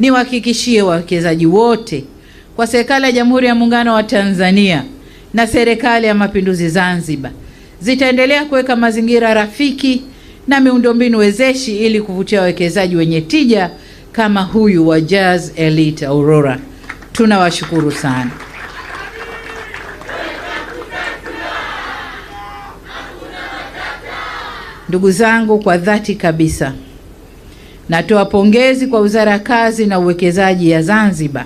niwahakikishie wawekezaji wote kwa serikali ya Jamhuri ya Muungano wa Tanzania na serikali ya Mapinduzi Zanzibar zitaendelea kuweka mazingira rafiki na miundombinu wezeshi ili kuvutia wawekezaji wenye tija kama huyu wa Jazz Elite Aurora. Tunawashukuru sana. Ndugu zangu, kwa dhati kabisa Natoa pongezi kwa Wizara ya Kazi na Uwekezaji ya Zanzibar,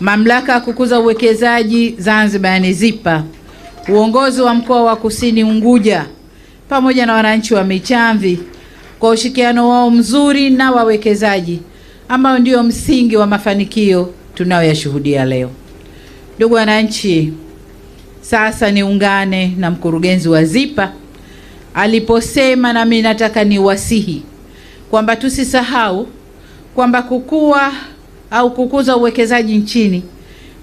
Mamlaka ya Kukuza Uwekezaji Zanzibar yani ZIPA, uongozi wa mkoa wa Kusini Unguja pamoja na wananchi wa Michamvi kwa ushirikiano wao mzuri na wawekezaji ambao ndio msingi wa mafanikio tunayoyashuhudia leo. Ndugu wananchi, sasa niungane na mkurugenzi wa ZIPA aliposema, nami nataka niwasihi kwamba tusisahau kwamba kukua au kukuza uwekezaji nchini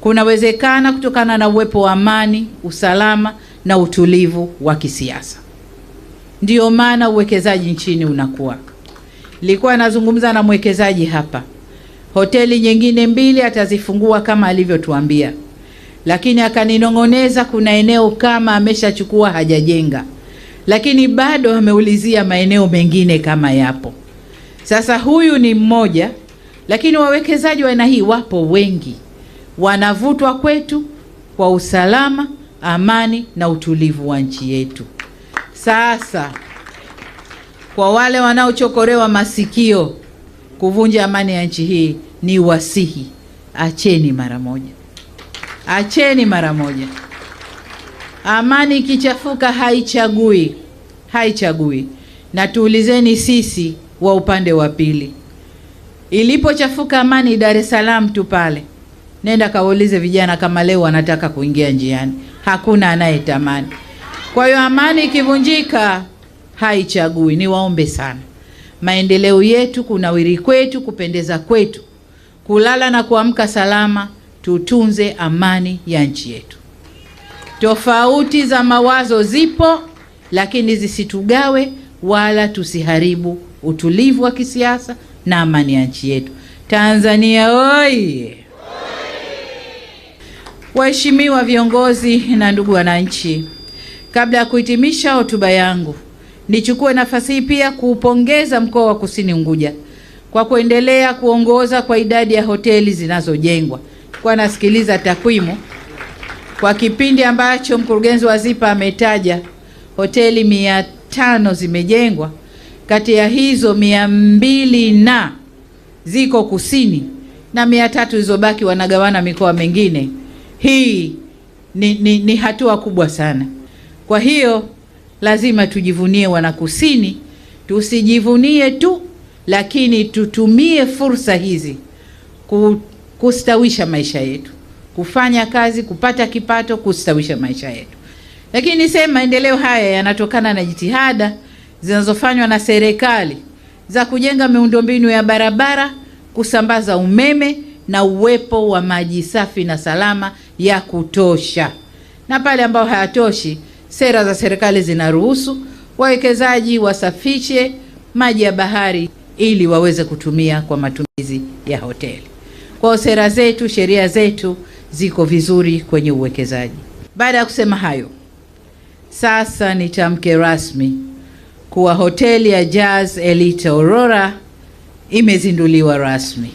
kunawezekana kutokana na uwepo wa amani, usalama na utulivu wa kisiasa. Ndiyo maana uwekezaji nchini unakuwa. Nilikuwa nazungumza na mwekezaji hapa, hoteli nyingine mbili atazifungua kama alivyotuambia, lakini akaninong'oneza kuna eneo kama ameshachukua hajajenga, lakini bado ameulizia maeneo mengine kama yapo. Sasa huyu ni mmoja, lakini wawekezaji wa aina hii wapo wengi, wanavutwa kwetu kwa usalama, amani na utulivu wa nchi yetu. Sasa kwa wale wanaochokorewa masikio kuvunja amani ya nchi hii, ni wasihi, acheni mara moja, acheni mara moja. Amani ikichafuka haichagui, haichagui. Na tuulizeni sisi wa upande wa pili. Ilipochafuka amani Dar es Salaam tu pale, nenda kaulize vijana kama leo wanataka kuingia njiani, hakuna anayetamani. Kwa hiyo amani ikivunjika haichagui. Niwaombe sana, maendeleo yetu, kunawiri kwetu, kupendeza kwetu, kulala na kuamka salama, tutunze amani ya nchi yetu. Tofauti za mawazo zipo, lakini zisitugawe wala tusiharibu utulivu wa kisiasa na amani ya nchi yetu Tanzania. Oye! Waheshimiwa viongozi na ndugu wananchi, kabla ya kuhitimisha hotuba yangu, nichukue nafasi hii pia kuupongeza mkoa wa Kusini Unguja kwa kuendelea kuongoza kwa idadi ya hoteli zinazojengwa. Kwa nasikiliza takwimu kwa kipindi ambacho mkurugenzi wa ZIPA ametaja hoteli mia tano zimejengwa kati ya hizo mia mbili na ziko kusini na mia tatu zilizobaki wanagawana mikoa mingine. Hii ni, ni, ni hatua kubwa sana. Kwa hiyo lazima tujivunie wanakusini, tusijivunie tu, lakini tutumie fursa hizi kustawisha maisha yetu, kufanya kazi, kupata kipato, kustawisha maisha yetu. Lakini sema maendeleo haya yanatokana na jitihada zinazofanywa na serikali za kujenga miundombinu ya barabara, kusambaza umeme na uwepo wa maji safi na salama ya kutosha. Na pale ambayo hayatoshi, sera za serikali zinaruhusu wawekezaji wasafishe maji ya bahari ili waweze kutumia kwa matumizi ya hoteli. Kwa sera zetu, sheria zetu ziko vizuri kwenye uwekezaji. Baada ya kusema hayo, sasa nitamke rasmi kuwa hoteli ya Jazz Elite Aurora imezinduliwa rasmi.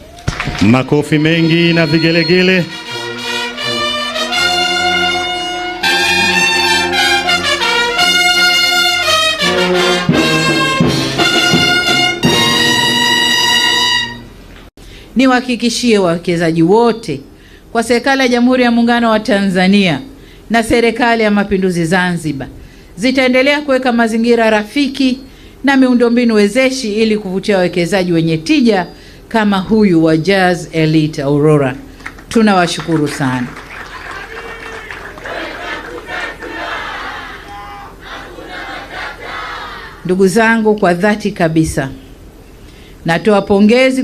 Makofi mengi na vigelegele. Niwahakikishie wawekezaji wote kwa serikali ya Jamhuri ya Muungano wa Tanzania na serikali ya Mapinduzi Zanzibar zitaendelea kuweka mazingira rafiki na miundombinu wezeshi ili kuvutia wawekezaji wenye tija kama huyu wa Jazz Elite Aurora. Tunawashukuru sana. Ndugu zangu, kwa dhati kabisa natoa pongezi.